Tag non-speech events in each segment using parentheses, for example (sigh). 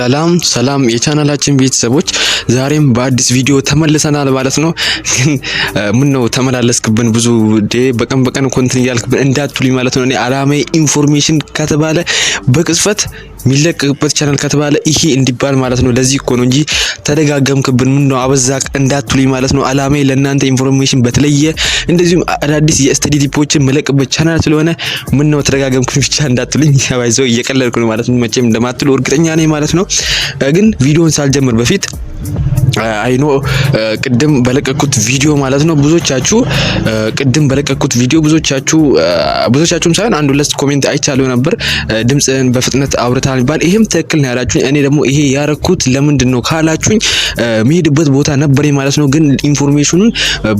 ሰላም ሰላም የቻናላችን ቤተሰቦች ዛሬም በአዲስ ቪዲዮ ተመልሰናል ማለት ነው። ግን ምን ነው ተመላለስክብን ብዙ በቀን በቀን ኮንትን እያልክብን እንዳትሉኝ ማለት ነው። እኔ አላማዬ ኢንፎርሜሽን ከተባለ በቅጽበት የሚለቀቅበት ቻናል ከተባለ ይሄ እንዲባል ማለት ነው። ለዚህ እኮ ነው እንጂ ተደጋገምክብን ምን ነው አበዛቅ እንዳትሉኝ ማለት ነው። አላማዬ ለእናንተ ኢንፎርሜሽን በተለየ እንደዚሁም አዳዲስ የስተዲ ቲፖችን መለቅበት ቻናል ስለሆነ ምን ነው ተደጋገምኩኝ ብቻ እንዳትሉኝ። ያባይዘው (laughs) እየቀለልኩ ነው ማለት ነው። መቼም እንደማትሉ እርግጠኛ ነኝ ማለት ነው። ግን ቪዲዮን ሳልጀምር በፊት አይኖ ቅድም በለቀኩት ቪዲዮ ማለት ነው ብዙዎቻችሁ ቅድም በለቀኩት ቪዲዮ ብዙዎቻችሁ ብዙዎቻችሁም ሳይሆን አንድ ሁለት ኮሜንት አይቻለሁ ነበር ድምፅህን በፍጥነት አውርታል ይባል። ይህም ትክክል ነው ያላችሁኝ። እኔ ደግሞ ይሄ ያረኩት ለምንድን ነው ካላችሁኝ የሚሄድበት ቦታ ነበረኝ ማለት ነው፣ ግን ኢንፎርሜሽኑን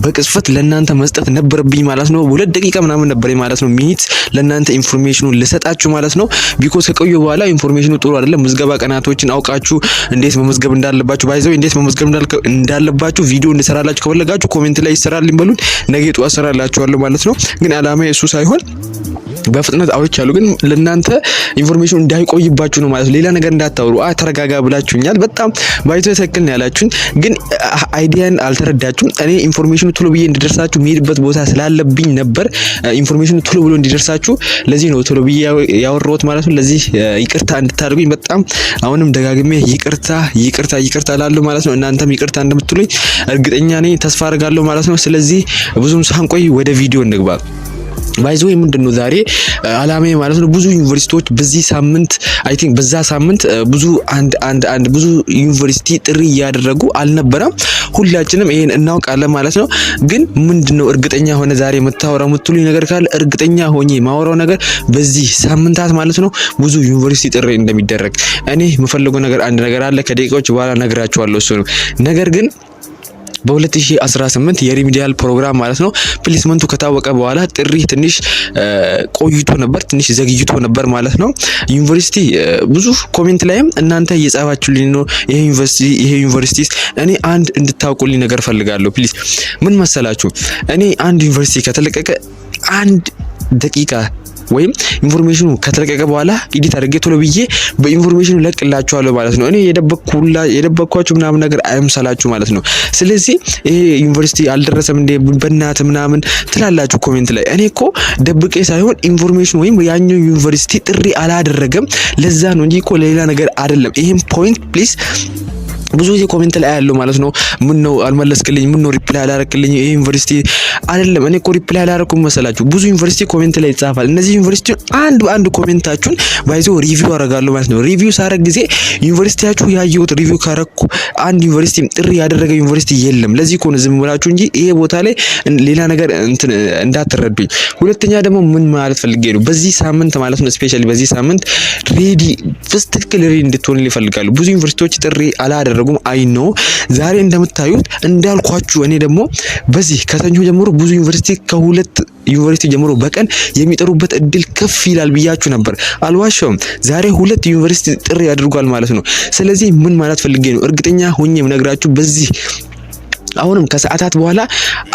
በቅጽፈት ለእናንተ መስጠት ነበረብኝ ማለት ነው። ሁለት ደቂቃ ምናምን ነበረኝ ማለት ነው ሚኒት ለእናንተ ኢንፎርሜሽኑን ልሰጣችሁ ማለት ነው። ቢኮዝ ከቆየ በኋላ ኢንፎርሜሽኑ ጥሩ አይደለም። ምዝገባ ቀናቶችን አውቃችሁ እንዴት መመዝገብ እንዳለባችሁ ባይዘው እንዴት መመዝገብ እንዳለባችሁ ቪዲዮ እንሰራላችሁ ከፈለጋችሁ ኮሜንት ላይ ይሰራልኝ በሉን። ነገ ጠዋት እሰራላችኋለሁ ማለት ነው። ግን አላማ እሱ ሳይሆን በፍጥነት አውርቻለሁ፣ ግን ለእናንተ ኢንፎርሜሽኑ እንዳይቆይባችሁ ነው ማለት ሌላ ነገር እንዳታወሩ ተረጋጋ ብላችሁኛል። በጣም ባይቶ ትክክል ነው ያላችሁኝ፣ ግን አይዲያን አልተረዳችሁም። እኔ ኢንፎርሜሽኑ ቶሎ ብዬ እንዲደርሳችሁ የሚሄድበት ቦታ ስላለብኝ ነበር ኢንፎርሜሽኑ ቶሎ ብሎ እንዲደርሳችሁ። ለዚህ ነው ቶሎ ብዬ ያወራሁት ማለት ነው። ለዚህ ይቅርታ እንድታደርጉኝ በጣም አሁንም ደጋግሜ ይቅርታ ይቅርታ ይቅርታ ላለሁ ማለት ነው። እናንተም ይቅርታ እንደምትሉኝ እርግጠኛ ነኝ፣ ተስፋ አድርጋለሁ ማለት ነው። ስለዚህ ብዙም ሳንቆይ ወደ ቪዲዮ እንግባ። ባይዘ ወይ ምንድን ነው ዛሬ አላማዬ ማለት ነው ብዙ ዩኒቨርሲቲዎች በዚህ ሳምንት አይ ቲንክ በዛ ሳምንት ብዙ አንድ አንድ አንድ ብዙ ዩኒቨርሲቲ ጥሪ እያደረጉ አልነበረም። ሁላችንም ይሄን እናውቃለን ማለት ነው። ግን ምንድን ነው እርግጠኛ ሆነ ዛሬ የምታወራው የምትሉኝ ነገር ካለ እርግጠኛ ሆኜ ማወራው ነገር በዚህ ሳምንታት ማለት ነው ብዙ ዩኒቨርሲቲ ጥሪ እንደሚደረግ እኔ የምፈልገው ነገር አንድ ነገር አለ። ከደቂቃዎች በኋላ ነግራችኋለሁ እሱ ነው ነገር ግን በ2018 የሪሚዲያል ፕሮግራም ማለት ነው ፕሊስመንቱ ከታወቀ በኋላ ጥሪ ትንሽ ቆይቶ ነበር፣ ትንሽ ዘግይቶ ነበር ማለት ነው። ዩኒቨርሲቲ ብዙ ኮሜንት ላይም እናንተ እየጻፋችሁልኝ ነው ይሄ ዩኒቨርሲቲ ይሄ ዩኒቨርሲቲ እኔ አንድ እንድታውቁልኝ ነገር ፈልጋለሁ ፕሊዝ። ምን መሰላችሁ እኔ አንድ ዩኒቨርሲቲ ከተለቀቀ አንድ ደቂቃ ወይም ኢንፎርሜሽኑ ከተለቀቀ በኋላ ኢዲት አድርጌ ቶሎ ብዬ በኢንፎርሜሽኑ ለቅላችኋለሁ ማለት ነው። እኔ የደበኳችሁ ምናምን ነገር አይምሰላችሁ ማለት ነው። ስለዚህ ይሄ ዩኒቨርሲቲ አልደረሰም እንደ በናት ምናምን ትላላችሁ ኮሜንት ላይ። እኔ እኮ ደብቄ ሳይሆን ኢንፎርሜሽኑ ወይም ያኛው ዩኒቨርሲቲ ጥሪ አላደረገም ለዛ ነው እንጂ እኮ ለሌላ ነገር አይደለም። ይህም ፖይንት ፕሊስ ብዙ ጊዜ ኮሜንት ላይ ያለው ማለት ነው። ምን ነው አልመለስክልኝ? ምን ነው ሪፕላይ አላረክልኝ? ይሄ ዩኒቨርሲቲ አይደለም። እኔ እኮ ሪፕላይ አላረኩም መሰላችሁ። ብዙ ዩኒቨርሲቲ ኮሜንት ላይ ይጻፋል። እነዚህ ዩኒቨርሲቲ አንድ በአንድ ኮሜንታችሁን ባይዘው ሪቪው አረጋለሁ ማለት ነው። ሪቪው ሳረግ ጊዜ ዩኒቨርሲቲያችሁ ያየሁት ሪቪው ካረኩ አንድ ዩኒቨርሲቲ ጥሪ ያደረገ ዩኒቨርሲቲ የለም። ለዚህ እኮ ዝም ብላችሁ እንጂ ይሄ ቦታ ላይ ሌላ ነገር እንዳትረዱኝ። ሁለተኛ ደግሞ ምን ማለት ፈልጌ ነው በዚህ ሳምንት ማለት ነው ስፔሻሊ በዚህ ሳምንት ሬዲ ፍስትክል ሬዲ እንድትሆን ይፈልጋሉ። ብዙ ዩኒቨርሲቲዎች ጥሪ አላደረ አላደረጉም። አይ ዛሬ እንደምታዩት እንዳልኳችሁ እኔ ደግሞ በዚህ ከሰኞ ጀምሮ ብዙ ዩኒቨርሲቲ ከሁለት ዩኒቨርሲቲ ጀምሮ በቀን የሚጠሩበት እድል ከፍ ይላል ብያችሁ ነበር። አልዋሸውም። ዛሬ ሁለት ዩኒቨርሲቲ ጥሪ ያደርጓል ማለት ነው። ስለዚህ ምን ማለት ፈልጌ ነው እርግጠኛ ሆኜ ነግራችሁ በዚህ አሁንም ከሰዓታት በኋላ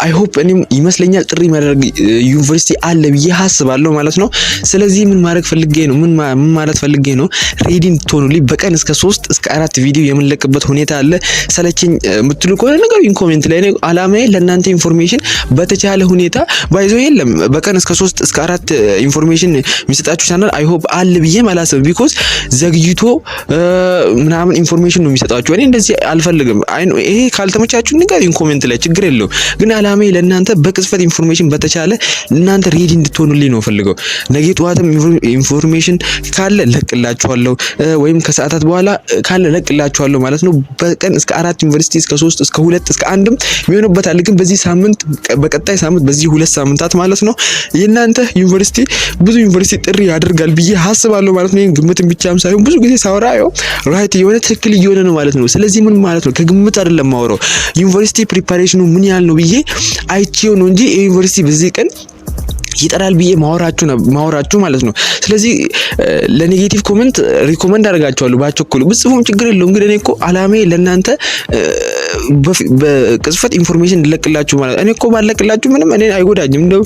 አይሆፕ እኔም ይመስለኛል ጥሪ ማድረግ ዩኒቨርሲቲ አለ ብዬ አስባለሁ ማለት ነው። ስለዚህ ምን ማድረግ ፈልጌ ነው ምን ማለት ፈልጌ ነው ሬዲ እንድትሆኑልኝ በቀን እስከ ሶስት እስከ አራት ቪዲዮ የምንለቅበት ሁኔታ አለ። ሰለችኝ የምትሉ ከሆነ ነገር ኮሜንት ላይ አላማዬ ለእናንተ ኢንፎርሜሽን በተቻለ ሁኔታ ባይዞ የለም በቀን እስከ ሶስት እስከ አራት ኢንፎርሜሽን የሚሰጣችሁ ቻናል አይሆፕ አለ ብዬ አላስብም። ቢኮዝ ዘግይቶ ምናምን ኢንፎርሜሽን ነው የሚሰጣችሁ። እኔ እንደዚህ አልፈልግም። ይሄ ካልተመቻችሁ ንገር ጻፉልኝ ኮሜንት ላይ ችግር የለውም። ግን አላሜ ለእናንተ በቅጽበት ኢንፎርሜሽን በተቻለ እናንተ ሬዲ እንድትሆኑልኝ ነው ፈልገው። ነገ ጠዋትም ኢንፎርሜሽን ካለ ለቅላችኋለሁ፣ ወይም ከሰዓታት በኋላ ካለ ለቅላችኋለሁ ማለት ነው። በቀን እስከ አራት ዩኒቨርሲቲ እስከ ሶስት እስከ ሁለት እስከ አንድም ይሆንበታል። ግን በዚህ ሳምንት በቀጣይ ሳምንት በዚህ ሁለት ሳምንታት ማለት ነው የእናንተ ዩኒቨርሲቲ ብዙ ዩኒቨርሲቲ ጥሪ ያደርጋል ብዬ ሀስባለሁ ማለት ነው። ግምትን ብቻም ሳይሆን ብዙ ጊዜ ሳወራ ራይት የሆነ ትክክል እየሆነ ነው ማለት ነው። ስለዚህ ምን ማለት ነው ከግምት አይደለም ማውራው ዩኒቨርሲቲ ዩኒቨርሲቲ ፕሪፓሬሽኑ ምን ያህል ነው ብዬ አይቼው ነው እንጂ የዩኒቨርሲቲ በዚህ ቀን ይጠራል ብዬ ማወራችሁ ማለት ነው። ስለዚህ ለኔጌቲቭ ኮመንት ሪኮመንድ አደርጋቸዋለሁ። ባቸኩሉ ብጽፉም ችግር የለውም። ግን እኔ እኮ አላሜ ለእናንተ በቅጽፈት ኢንፎርሜሽን እንለቅላችሁ ማለት እኔ እኮ ባለቅላችሁ ምንም እኔ አይጎዳኝም። እንደው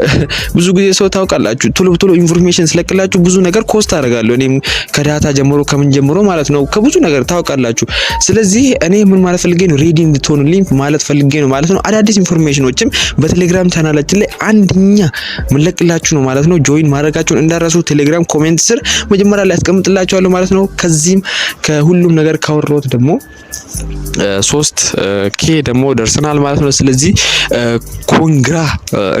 (laughs) ብዙ ጊዜ ሰው ታውቃላችሁ፣ ቶሎ ቶሎ ኢንፎርሜሽን ስለቅላችሁ ብዙ ነገር ኮስት አደርጋለሁ። እኔም ከዳታ ጀምሮ ከምን ጀምሮ ማለት ነው ከብዙ ነገር ታውቃላችሁ። ስለዚህ እኔ ምን ማለት ፈልጌ ነው ሬዲ ሊንክ ማለት ፈልጌ ነው ማለት ነው። አዳዲስ ኢንፎርሜሽኖችም በቴሌግራም ቻናላችን ላይ አንደኛ ምንለቅላችሁ ነው ማለት ነው። ጆይን ማድረጋችሁን እንዳረሱ ቴሌግራም ኮሜንት ስር መጀመሪያ ላይ ያስቀምጥላችኋለሁ ማለት ነው። ከዚህም ከሁሉም ነገር ካወራሁት ደግሞ ሶስት ሶስት ኬ ደግሞ ደርሰናል ማለት ነው። ስለዚህ ኮንግራ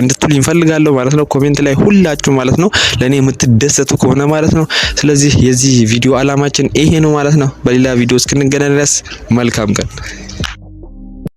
እንድትሉ ይንፈልጋለሁ ማለት ነው። ኮሜንት ላይ ሁላችሁ ማለት ነው ለእኔ የምትደሰቱ ከሆነ ማለት ነው። ስለዚህ የዚህ ቪዲዮ አላማችን ይሄ ነው ማለት ነው። በሌላ ቪዲዮ እስክንገናኝ ድረስ መልካም ቀን